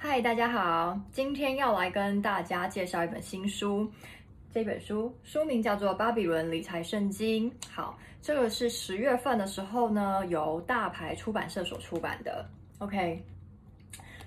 嗨，Hi, 大家好，今天要來跟大家介紹一本新書。這本書書名叫做《巴比倫理財聖經》。好，這個是十月份的時候呢，由大牌出版社所出版的。OK，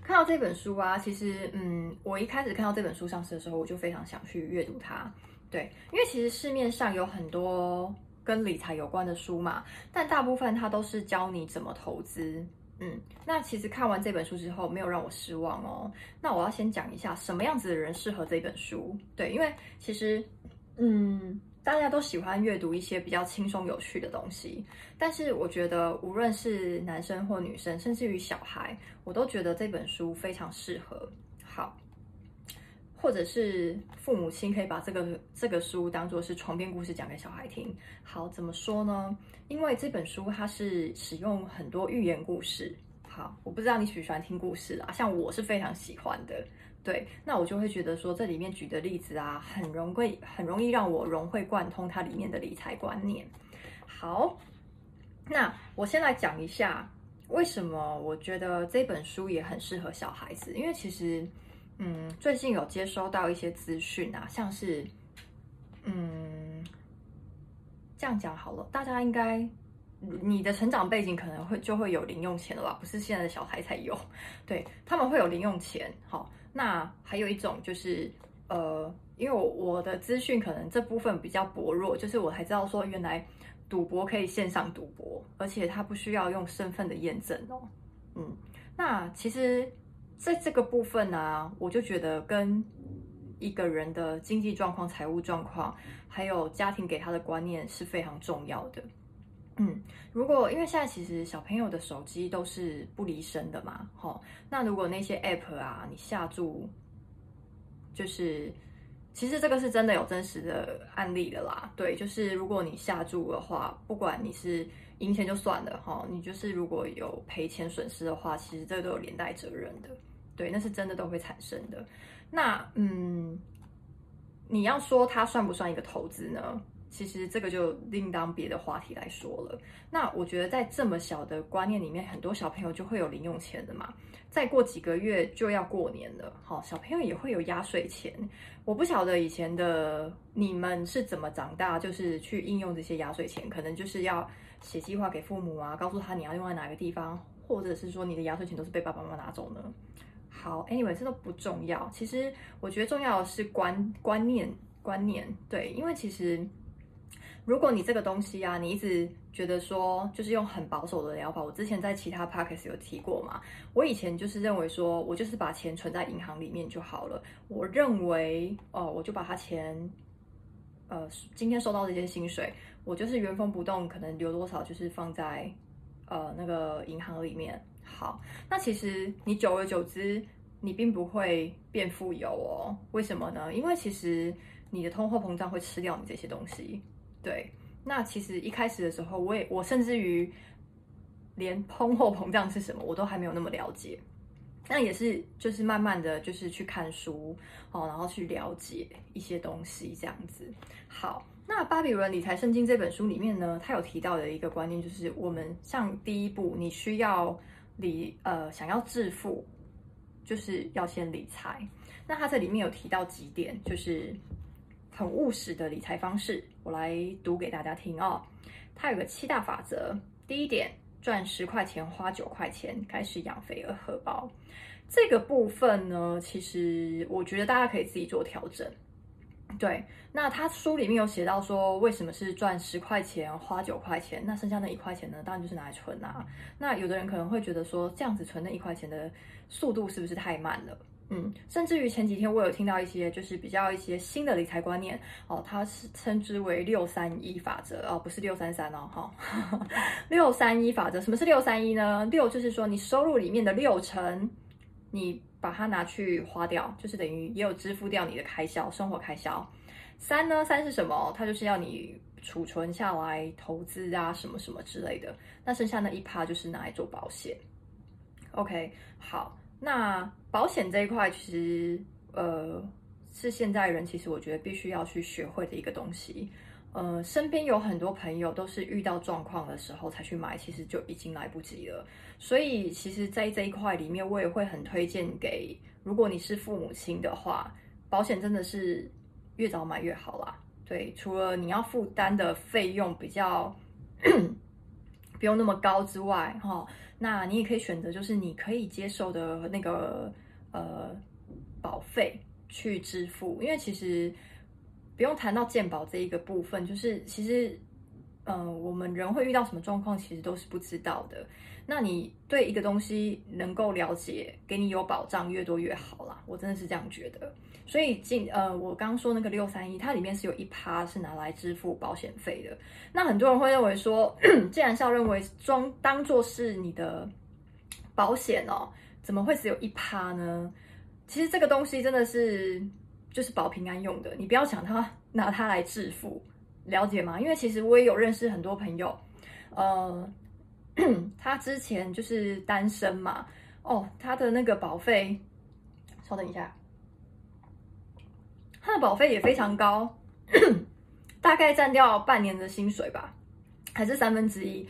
看到這本書啊，其實嗯，我一開始看到這本書上市的時候，我就非常想去閱讀它。對，因為其實市面上有很多跟理財有關的書嘛，但大部分它都是教你怎麼投資。嗯，那其實看完這本書之後沒有讓我失望哦。那我要先講一下什麼樣子的人適合這本書。對，因為其實，嗯，大家都喜歡閱讀一些比較輕鬆有趣的東西。但是我覺得，無論是男生或女生，甚至於小孩，我都覺得這本書非常適合。好。或者是父母親可以把這個這個書當做是床邊故事講給小孩聽。好，怎麼說呢？因為這本書它是使用很多寓言故事。好，我不知道你喜不喜歡聽故事啦，像我是非常喜歡的。對，那我就會覺得說這裡面舉的例子啊，很容易很容易讓我融會貫通它裡面的理財觀念。好，那我先來講一下為什麼我覺得這本書也很適合小孩子，因為其實。嗯，最近有接收到一些資訊啊，像是，嗯，這樣講好了，大家應該，你的成長背景可能會就會有零用錢了吧？不是現在的小孩才有，對，他們會有零用錢。好，那還有一種就是，呃，因為我我的資訊可能這部分比較薄弱，就是我才知道說原來賭博可以線上賭博，而且它不需要用身份的驗證哦。嗯，那其實。在這個部分呢、啊,我就覺得跟一個人的經濟狀況、財務狀況，還有家庭給他的觀念是非常重要的。嗯，如果因為現在其實小朋友的手機都是不離身的嘛，齁，那如果那些 app 啊，你下注，就是其實這個是真的有真實的案例的啦。對，就是如果你下注的話，不管你是贏錢就算了，齁，你就是如果有賠錢損失的話，其實這個都有連帶責任的。對，那是真的都會產生的。那嗯，你要說它算不算一個投資呢？其實這個就另當別的話題來說了。那我覺得在這麼小的觀念裡面，很多小朋友就會有零用錢的嘛。再過幾個月就要過年了，好，小朋友也會有壓歲錢。我不曉得以前的你們是怎麼長大，就是去應用這些壓歲錢，可能就是要寫計劃給父母啊，告訴他你要用在哪個地方，或者是說你的壓歲錢都是被爸爸媽媽拿走呢？好，Anyway，這都不重要。其實我覺得重要的是觀觀念觀念。對，因為其實如果你這個東西啊，你一直覺得說就是用很保守的療法，我之前在其他 podcast 有提過嘛。我以前就是認為說，我就是把錢存在銀行裡面就好了。我認為哦，我就把他錢，呃，今天收到這些薪水，我就是原封不動，可能留多少就是放在呃那個銀行裡面。好，那其實你久而久之，你並不會變富有哦。為什麼呢？因為其實你的通貨膨脹會吃掉你這些東西。對，那其實一開始的時候，我也我甚至於連通貨膨脹是什麼我都還沒有那麼了解。那也是就是慢慢的就是去看書哦，然後去了解一些東西這樣子。好，那《巴比倫理財聖經》這本書裡面呢，他有提到的一個觀念就是，我們上第一步，你需要。理呃，想要致富，就是要先理財。那他這裡面有提到幾點，就是很務實的理財方式。我來讀給大家聽哦，他有個七大法則，第一點，賺十塊錢花九塊錢，開始養肥鵝荷包。這個部分呢，其實我覺得大家可以自己做調整。對，那他書裡面有寫到說，為什麼是賺十塊錢花九塊錢，那剩下那一塊錢呢？當然就是拿來存啊。那有的人可能會覺得說，這樣子存那一塊錢的速度是不是太慢了？嗯，甚至於前幾天我有聽到一些，就是比較一些新的理財觀念哦，它是稱之為六三一法則哦，不是六三三哦，哈哈哈、哦，六三一法則，什麼是六三一呢？六就是說你收入裡面的六成，你。把它拿去花掉，就是等於也有支付掉你的開銷，生活開銷。三呢，三是什麼？它就是要你儲存下來投資啊，什麼什麼之類的。那剩下那一趴就是拿來做保險。OK，好，那保險這一塊其實，呃，是現在人其實我覺得必須要去學會的一個東西。呃，身邊有很多朋友都是遇到狀況的時候才去買，其實就已經來不及了。所以，其實，在這一塊裡面，我也會很推薦給，如果你是父母親的話，保險真的是越早買越好啦。對，除了你要負擔的費用比較 不用那麼高之外，哈、哦，那你也可以選擇就是你可以接受的那個呃保費去支付，因為其實。不用談到健保這一個部分，就是其實，呃、我們人會遇到什麼狀況，其實都是不知道的。那你對一個東西能夠了解，給你有保障越多越好啦，我真的是這樣覺得。所以進呃，我剛剛說那個六三一，它裡面是有一趴是拿來支付保險費的。那很多人會認為說， 既然是要認為裝當做是你的保險哦、喔，怎麼會只有一趴呢？其實這個東西真的是。就是保平安用的，你不要想他，拿它來致富，了解嗎？因為其實我也有認識很多朋友，呃，他之前就是單身嘛，哦，他的那個保費，稍等一下，他的保費也非常高，大概占掉半年的薪水吧，還是三分之一，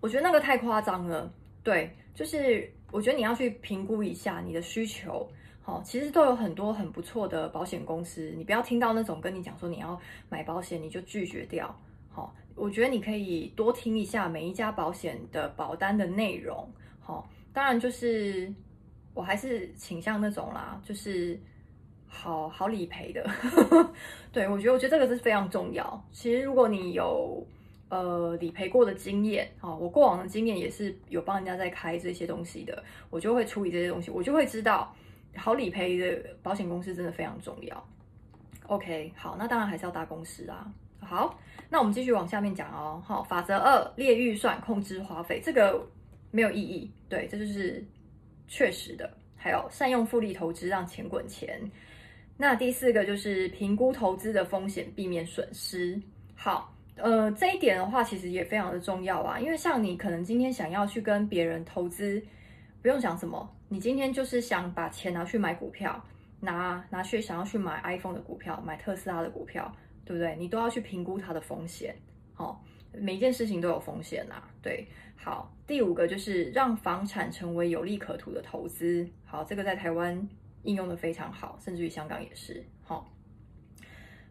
我覺得那個太誇張了，對，就是我覺得你要去評估一下你的需求。哦，其實都有很多很不錯的保險公司，你不要聽到那種跟你講說你要買保險你就拒絕掉。好，我覺得你可以多聽一下每一家保險的保單的內容。好，當然就是我還是傾向那種啦，就是好好理賠的。 對，我覺得，我覺得這個是非常重要。其實如果你有呃理賠過的經驗，哦，我過往的經驗也是有幫人家在開這些東西的，我就會處理這些東西，我就會知道。好理賠的保險公司真的非常重要。OK，好，那當然還是要大公司啊。好，那我們繼續往下面講哦。好，法則二：列預算，控制花費。這個沒有意義。對，這就是確實的。還有善用複利投資，讓錢滾錢。那第四個就是評估投資的風險，避免損失。好，呃，這一點的話其實也非常的重要啊。因為像你可能今天想要去跟別人投資，不用想什麼。你今天就是想把錢拿去買股票，拿拿去想要去買 iPhone 的股票，買特斯拉的股票，對不對？你都要去評估它的風險，哦，每一件事情都有風險吶，對。好，第五個就是讓房產成為有利可圖的投資。好，這個在台灣應用的非常好，甚至於香港也是。好，哦，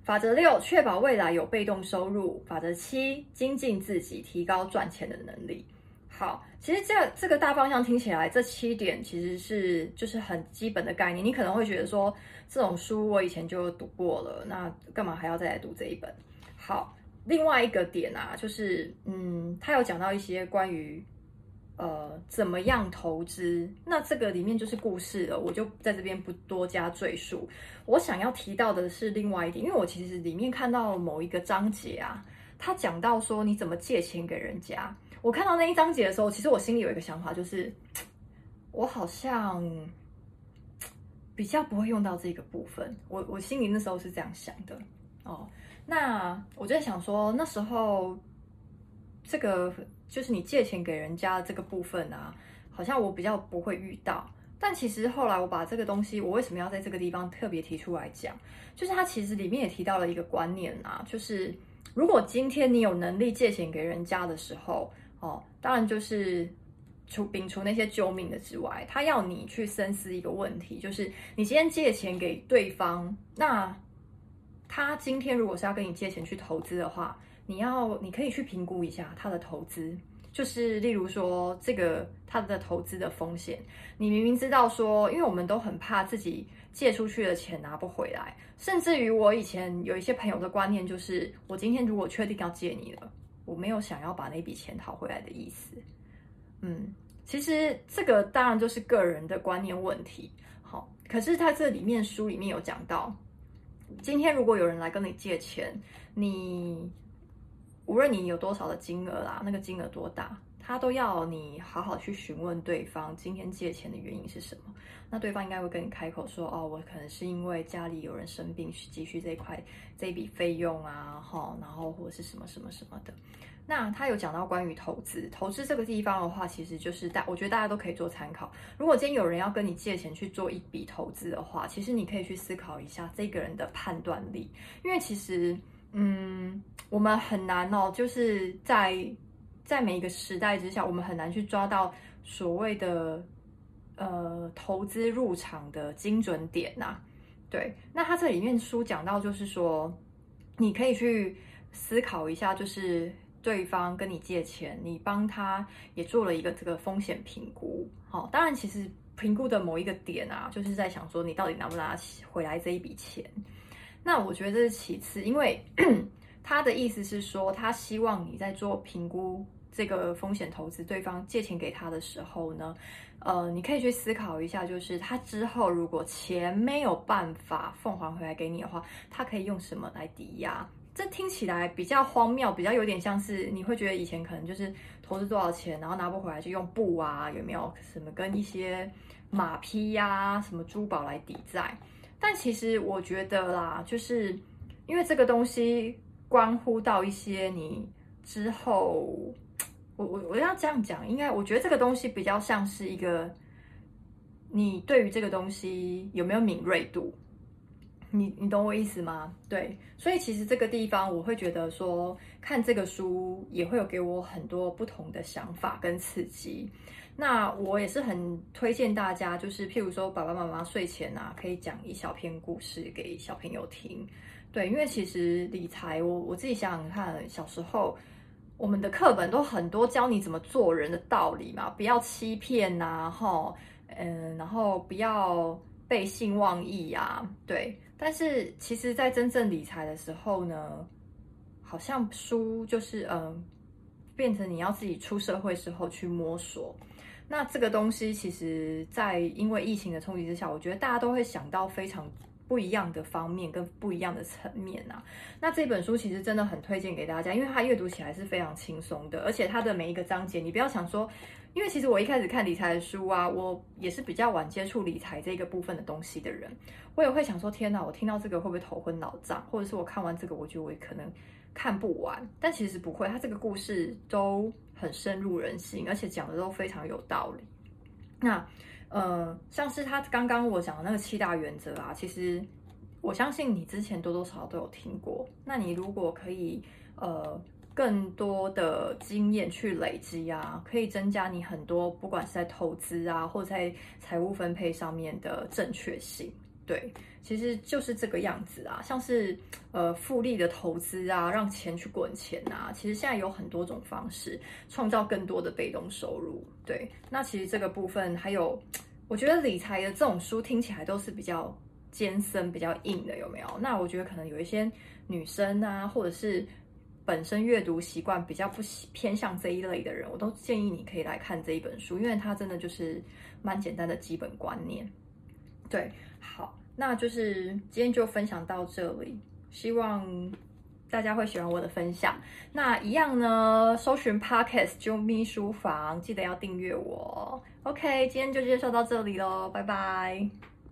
法則六，確保未來有被動收入。法則七，精進自己，提高賺錢的能力。好，其實這這個大方向聽起來，這七點其實是就是很基本的概念。你可能會覺得說，這種書我以前就讀過了，那幹嘛還要再來讀這一本？好，另外一個點啊，就是嗯，他有講到一些關於呃怎麼樣投資，那這個裡面就是故事了，我就在這邊不多加贅述。我想要提到的是另外一點，因為我其實裡面看到某一個章節啊，他講到說你怎麼借錢給人家。我看到那一章節的時候，其實我心裡有一個想法，就是我好像比較不會用到這個部分。我我心裡那時候是這樣想的哦。那我就在想說，那時候這個就是你借錢給人家的這個部分啊，好像我比較不會遇到。但其實後來我把這個東西，我為什麼要在這個地方特別提出來講，就是它其實裡面也提到了一個觀念啊，就是如果今天你有能力借錢給人家的時候。哦，當然就是除摒除那些救命的之外，他要你去深思一個問題，就是你今天借錢給對方，那他今天如果是要跟你借錢去投資的話，你要，你可以去評估一下他的投資，就是例如說這個他的投資的風險，你明明知道說，因為我們都很怕自己借出去的錢拿不回來，甚至於我以前有一些朋友的觀念就是，我今天如果確定要借你了，我沒有想要把那筆錢討回來的意思，嗯，其實這個當然就是個人的觀念問題，好，可是他這裡面書裡面有講到，今天如果有人來跟你借錢，你無論你有多少的金額啦，那個金額多大。他都要你好好去詢問對方今天借錢的原因是什麼，那對方應該會跟你開口說：“哦，我可能是因為家裡有人生病，急需這一塊這一筆費用啊，哈、哦，然後或者是什麼什麼什麼的。”那他有講到關於投資，投資這個地方的話，其實就是大，我覺得大家都可以做參考。如果今天有人要跟你借錢去做一筆投資的話，其實你可以去思考一下這個人的判斷力，因為其實，嗯，我們很難哦，就是在。在每一個時代之下，我們很難去抓到所謂的呃投資入場的精準點吶、啊。對，那他這裡面書講到，就是說你可以去思考一下，就是對方跟你借錢，你幫他也做了一個這個風險評估。好、哦，當然其實評估的某一個點啊，就是在想說你到底拿不拿回來這一筆錢。那我覺得這是其次，因為他的意思是說，他希望你在做評估。這個風險投資對方借錢給他的時候呢，呃，你可以去思考一下，就是他之後如果錢沒有辦法奉還回來給你的話，他可以用什麼來抵押？這聽起來比較荒謬，比較有點像是你會覺得以前可能就是投資多少錢，然後拿不回來就用布啊，有沒有什麼跟一些馬匹呀、啊、什麼珠寶來抵債？但其實我覺得啦，就是因為這個東西關乎到一些你之後。我我我要這樣講，應該我覺得這個東西比較像是一個，你對於這個東西有沒有敏銳度，你你懂我意思嗎？對，所以其實這個地方我會覺得說，看這個書也會有給我很多不同的想法跟刺激。那我也是很推薦大家，就是譬如說爸爸媽媽睡前啊，可以講一小篇故事給小朋友聽。對，因為其實理財，我我自己想想看，小時候。我們的課本都很多教你怎麼做人的道理嘛，不要欺騙吶、啊，吼，嗯，然後不要背信忘義呀、啊，對。但是其實，在真正理財的時候呢，好像書就是嗯，變成你要自己出社會時候去摸索。那這個東西，其實，在因為疫情的衝擊之下，我覺得大家都會想到非常。不一樣的方面跟不一樣的層面啊，那這本書其實真的很推薦給大家，因為它閱讀起來是非常輕鬆的，而且它的每一個章節，你不要想說，因為其實我一開始看理財的書啊，我也是比較晚接觸理財這個部分的東西的人，我也會想說，天哪，我聽到這個會不會頭昏腦脹，或者是我看完這個，我覺得我也可能看不完，但其實不會，它這個故事都很深入人心，而且講的都非常有道理，那。呃，像是他剛剛我講的那個七大原則啊，其實我相信你之前多多少少都有聽過。那你如果可以，呃，更多的經驗去累積啊，可以增加你很多，不管是在投資啊，或在財務分配上面的正確性。對，其實就是這個樣子啊，像是呃複利的投資啊，讓錢去滾錢啊，其實現在有很多種方式，創造更多的被動收入。對，那其實這個部分還有，我覺得理財的這種書聽起來都是比較艱深、比較硬的，有沒有？那我覺得可能有一些女生啊，或者是本身閱讀習慣比較不偏向這一類的人，我都建議你可以來看這一本書，因為它真的就是蠻簡單的基本觀念。對，好，那就是今天就分享到這裡，希望大家會喜歡我的分享。那一樣呢，搜尋 Podcast 啾咪書房，記得要訂閱我。OK，今天就介紹到這裡嘍，拜拜。